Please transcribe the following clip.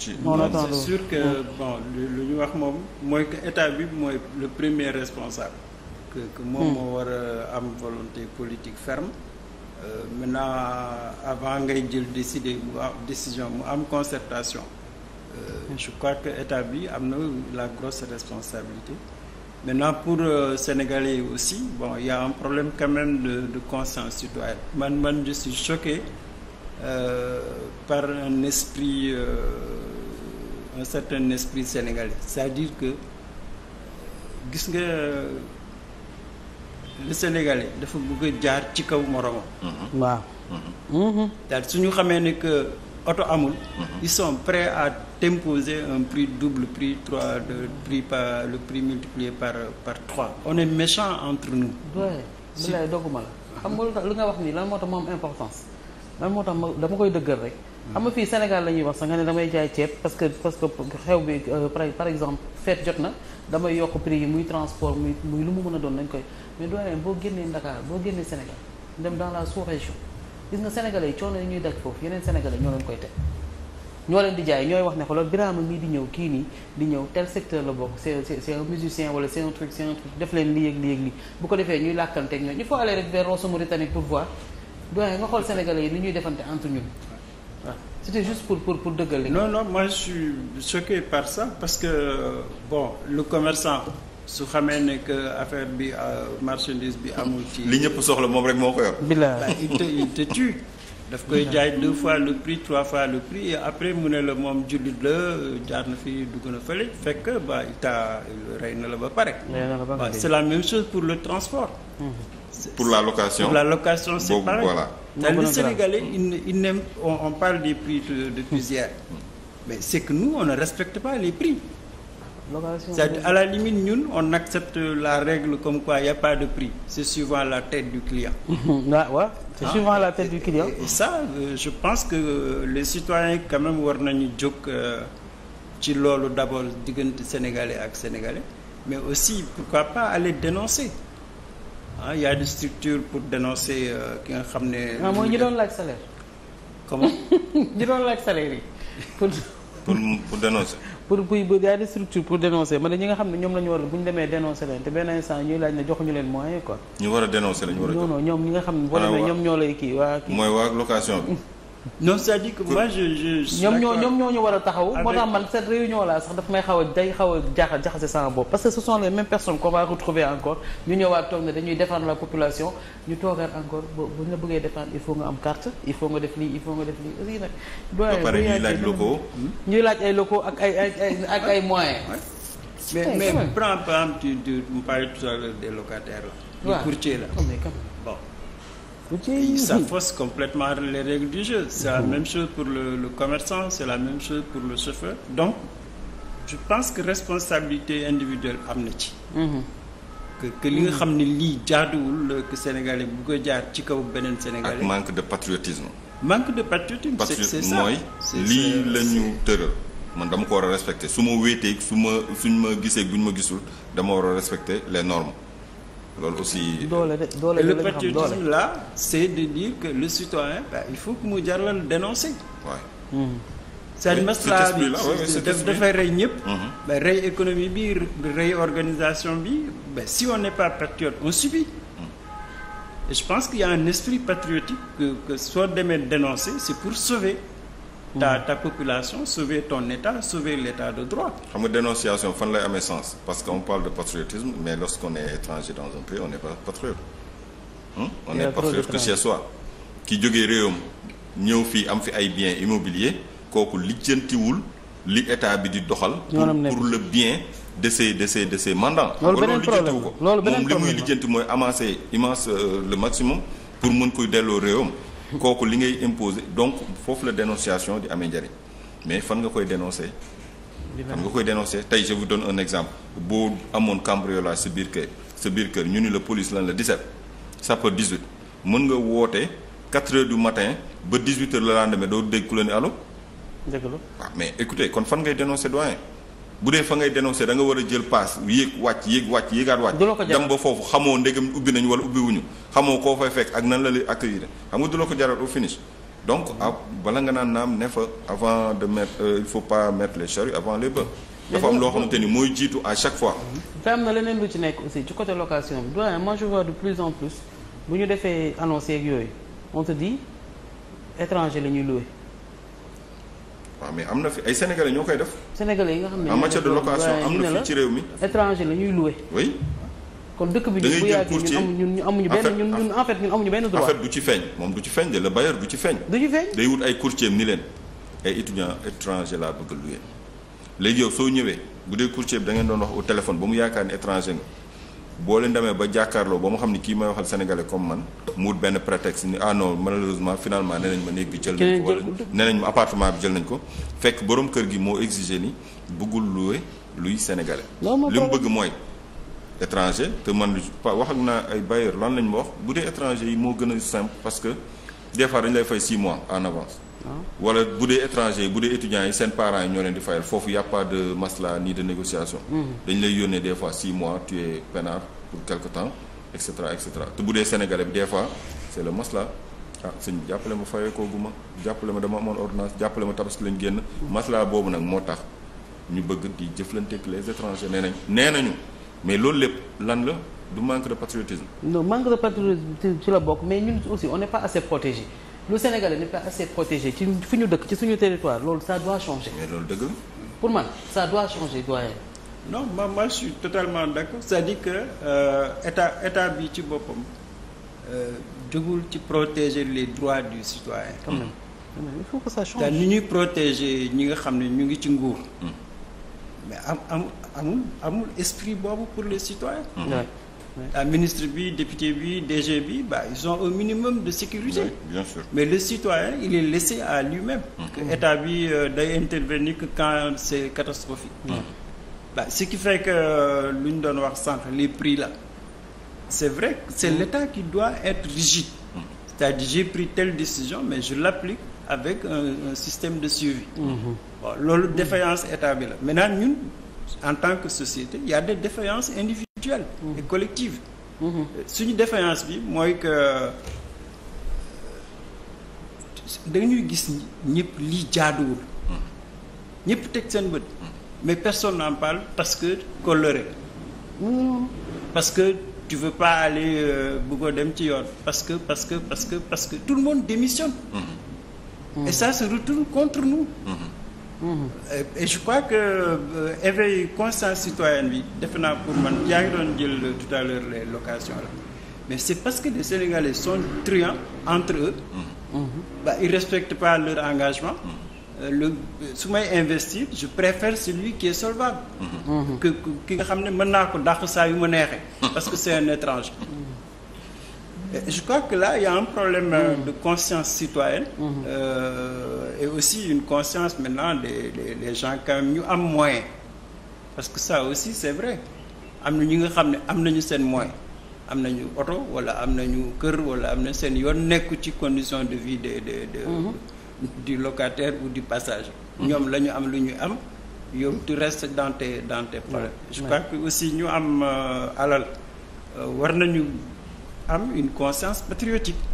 ci c'est sûr que bon lu ñu wax moom mooy que état bi mooy le premier responsable que que moom hmm. moo war a am volonté politique ferme euh, avant ngay jël décider mu am décision mu am concertation euh, je crois que état bi am na la grosse responsabilité maintenant pour euh, aussi bon il un problème quand même de de conscience citoyenne man man je suis euh, par un esprit euh, un certain esprit sénégalais c'est-à-dire que gis nga le sénégalais dafa bugg jaar ci kaw moromam. Mhm. waaw. Mhm. Mhm. su ñu xamee ne que oto amul. ils sont prêts à t'imposer un prix double prix trois de prix par le prix multiplié par par trois. on est méchant entre nous. oui. si xam nga lu nga wax nii lan moo tax moom importance. lan moo tax ma dama koy dëggal rek. xam nga fii Sénégal la ñuy wax sax nga ne damay jaay ceeb parce que parce que xew bi euh, par exemple fête jot na damay yokk prix yi muy transport muy lu mu mën a doon nañ koy mais doyen boo génnee Ndakaar boo génnee Sénégal dem dans la sous-région gis nga sénégalais yi coono ñuy daj foofu yeneen sénégalais ñoo leen koy teg. ñoo leen di jaay ñooy wax ne xoolal Birama mii di ñëw kii nii di ñëw tel secteur la bokk c'est c'est musicien wala c'est un truc c'est leen lii ak lii bu ko defee ñuy làkkanteeg ñoom il faut aller vers Rosso doyen nga xool sénégalais yi li ñuy defante entre ñun. waaw juste pour pour pour dëggal li. non non moi par sax parce que bon lu commerçant su xamee ne que affaire bi euh, marchandise bi amul ci. li ñëpp soxla moom rek moo ko yor. bilaay il te il te tue. daf koy jaay deux fois le prix trois fois le prix et après mu ne la moom jullit la jaar na fi dugg na fële fekk ba ita rey na la ba pare. rey na la c'est la même chose pour le transport. mm pour la location la location c'est bon, pareil voilà. Sénégalais mm. ils ils on, parle des prix de, de plusieurs mm. mais c'est que nous on ne respecte pas les prix c'est-à-dire à la limite ñun on accepte la règle comme quoi il n'y a pas de prix c'est suivant la tête du client waaw waaw c'est ah. suivant la tête du client et ça euh, je pense que euh, les citoyens quand même war nañu jóg euh, ci loolu d'abord diggante sénégalais ak sénégalais mais aussi pourquoi pas aller dénoncer ah y a des structures pour dénoncer euh, ki nga xam ne. ah mooy ñi doon laaj salaire. comme ñi doon laaj salaire yi pour. pour dénoncer. pour pour y a des pour dénoncer man ñi nga xam ne ñoom la war a bu ñu demee dénoncer leen te benn instant ñuy laaj ne joxuñu leen moyen quoi. ñu war a dénoncer la war a jox non non ñoom ñi nga xam ne. boo demee ñoom ñoo lay kii waa kii. mooy waa location bi. non c'est-à-dire que moi ñoom ñoo ñoom ñoo ñu war a taxaw. moo tax man cette réunion là sax daf may xaw a day xaw a jaaxal jaxase sama bopp. parce que ce sont les mêmes personnes qu'on va retrouver encore ñu ñëwaat toog ne dañuy défendre la population ñu toogaat encore ba buñ bëggee défendre il faut nga am carte il faut nga def lii il faut nga def lii aussi nag. doyen ba pare laaj locaux. ñuy laaj hmm? ak ay ak ay moyens. mais mais prends par exemple tu tu me parlais tout Ils s'affossent complètement les règles du jeu. C'est la même chose pour le, le commerçant, c'est la même chose pour le chauffeur. Donc, je pense que responsabilité individuelle am na ci. Mhm. que li nga mhm. xam ni lii jaaduwul que sénégalais bu ko jaar ci kaw beneen sénégalais. ak manque de patriotisme. manque de patriotisme c'est c'est ça mooy lii la ñu tëral man dama ko war a respecter su ma wéeteeg su ma suñ ma gisee ñu ma gisul dama war a respecter les normes. loolu aussi. Euh, doole de doole le patriotisme là c'est de dire que le citoyen bah, il faut que mu jar la dénoncer. waay. Hmm. c'est-à-dire dafay rey ñëpp. Hmm. ba rey économie bi rey organisation bi ba si on n'est pas patriote on subit. Hmm. je pense qu'il y a un esprit patriotique que que soo demee dénoncer c'est pour sauver. ta ta population sauver ton état sauver l'état de droit. xam nga dénonciation fan lay amee sens parce que on parle de patriotisme mais lorsqu'on est étranger dans un pays on n'est pas on est patriote que chez soi. ki jógee réewam ñëw fii am fi ay biens immobiliers kooku lijjantiwul li état bi di doxal. pour le bien. de ses de ses de ses mandants. loolu moom li muy lijjanti mooy amasser immense euh, le maximum pour mën koy delloo réewam. kooku li ngay imposer donc foofu la dénonciation di amee njariñ mais fan nga koy dénoncer. fan nga koy dénoncer tey je vous donne un exemple boo amoon cambriolage sa biir kër sa biir kër ñu ni la police lan la 17 sapeur 18 mën nga woote 4 heures du matin ba 18 heures le lendemain doo dégg ku la ne allo. dëgg la waaw ah, mais écoutez kon fan ngay dénoncer doyen. bu dee fa ngay dénoncer da nga war a jël paas yéeg wàcc yéeg wàcc yéegaat wàcc dem ba foofu xamoo ndegam ubbi nañu wala ubbi wuñu xamoo koo fay fekk ak nan la lay accueillir xam nga la ko jaral au finish donc ah, bala nga naan naam ne fa avant de mettre euh, il faut pas mettre les charrues avant les loo xamante ni mooy jiitu à chaque fois da am na leneen lu ci nekk aussi ci côté location bi doyen moi je vois de plus en plus bu ñu defee annoncé ak yooyu on te étranger la ñuy loué waaw mais am na fi ay sénégalais ñoo koy def. sénégalais yi nga xam ne en matière de location am na fi ci réew mi. étranger la ñuy loué. oui. kon dëkk bi ñun bu yàgg ñun ñun amuñu benn ñun ñun en fait ñun benn droit. en fait du ci feeñ moom du ci feeñ de le bailleur du ci feeñ. du ci feeñ day wut ay courtier ni leen ay étudiants étranger laa bëgg loué léegi yow soo ñëwee bu dee courtier bi da ngeen doon wax au téléphone ba mu yaakaar ne étranger nga boo leen demee ba jàkkaarloo ba mu xam ni kii may waxal sénégalais comme man mu wut benn prétexte ni ah non malheureusement finalement nee nañ ma néeg bi jël nañ ko wala nee nañ ma appartement bi jël nañ ko fekk borom kër gi moo exiger ni bëggul louer luy sénégalais li mu bëgg mooy étranger te man lu wax ak naa ay bailleur lan lañ ma wax bu dee étranger yi moo gën a simple parce que des fois dañ lay fay 6 mois en avance Ah. wala bu dee étranger bu dee étudiants yi seen parent yi ñoo leen di fayal foofu y' a pas de masla ni de négociation. Mm-hmm. dañ lay yónnee des fois six mois tu es pour quelque temps et cetera et cetera te bu dee sénégalais bi des fois c' le masla ah sëñ jàppale ma fayee koo guma jàppale ma dama amoon ordonnance jàppale ma tabaski lañ génn. Mm-hmm. masla boobu nag moo tax ñu bëgg di jëflanteeg les étrangers nee nañ nee nañu mais loolu lépp lan la du manque de patriotisme. non manque de patriotisme la bokk mais ñun aussi on n'est lu Sénégalais n'est pas assez protégé ci fi ñu dëkk ci suñu territoire loolu ça doit changer. mais loolu dëgg pour man ça doit changer doyen. non ma ma je suis totalement d'accord c'est-à-dire que euh, état état bi ci boppam euh, jógul ci protéger les droits du citoyen. quand même il ni ñuy protéger ñi nga xam ne ñu ngi ci nguur. Mm. mais am am amul amul esprit boobu pour les citoyens. oui. ministre bi député bi DG bi bah ils ont un minimum de sécurité. Oui, bien sûr. mais le citoyen il est laissé à lui-même. Mm-hmm. que état bi euh, day intervenir que quand c'est catastrophique. Mm-hmm. bah ce qui fait que euh, lu ñu doon wax sànq les prix là c'est vrai que c'est mm-hmm. l'état qui doit être rigide. c'est-à-dire j'ai pris telle décision mais je l'applique avec un, un système de suivi. bon loolu défaillance état bi la maintenant ñun. en tant que société il y a des défaillances individuelle mmh. et collective mmh. euh, suñu défaillance bi mooy que euh, ñuy gis ñëpp lii jaaduwul mmh. ñëpp teg seen bët mais personne n'en parce que coloré parce que tu veux pas aller euh, bëggoo dem ci yoon parce que parce que parce que parce que tout le monde démissionne et ça se retourne contre nous Euh, et je crois que euh, éveil conscience citoyenne bi defe naa pour man yaa ngi doon jël tout à l'heure les locations là mais c'est parce que les Sénégalais sont trian entre eux mm-hmm. bah ils respectent pas leur engagement mm-hmm. euh, le su may investir je préfère celui qui est solvable mm-hmm. que nga xam ne mën naa ko dàq saa yu ma neexee parce que c'est un étranger je crois que là, il y problème euh, de conscience citoyenne mmh. euh, et aussi une conscience maintenant des, des, des gens quand ñu am moyen parce que ça aussi c'est vrai am na ñi nga xam ne am nañu seen moyen am nañu oto wala am nañu kër wala am na seen yoon nekku ci condition de vie de de de mhm. du locataire ou du passager. ñoom la ñu am lu ñu am yow tu restes dans tes problèmes. je crois que aussi ñu am euh, alal euh, war nañu. am une conscience patriotique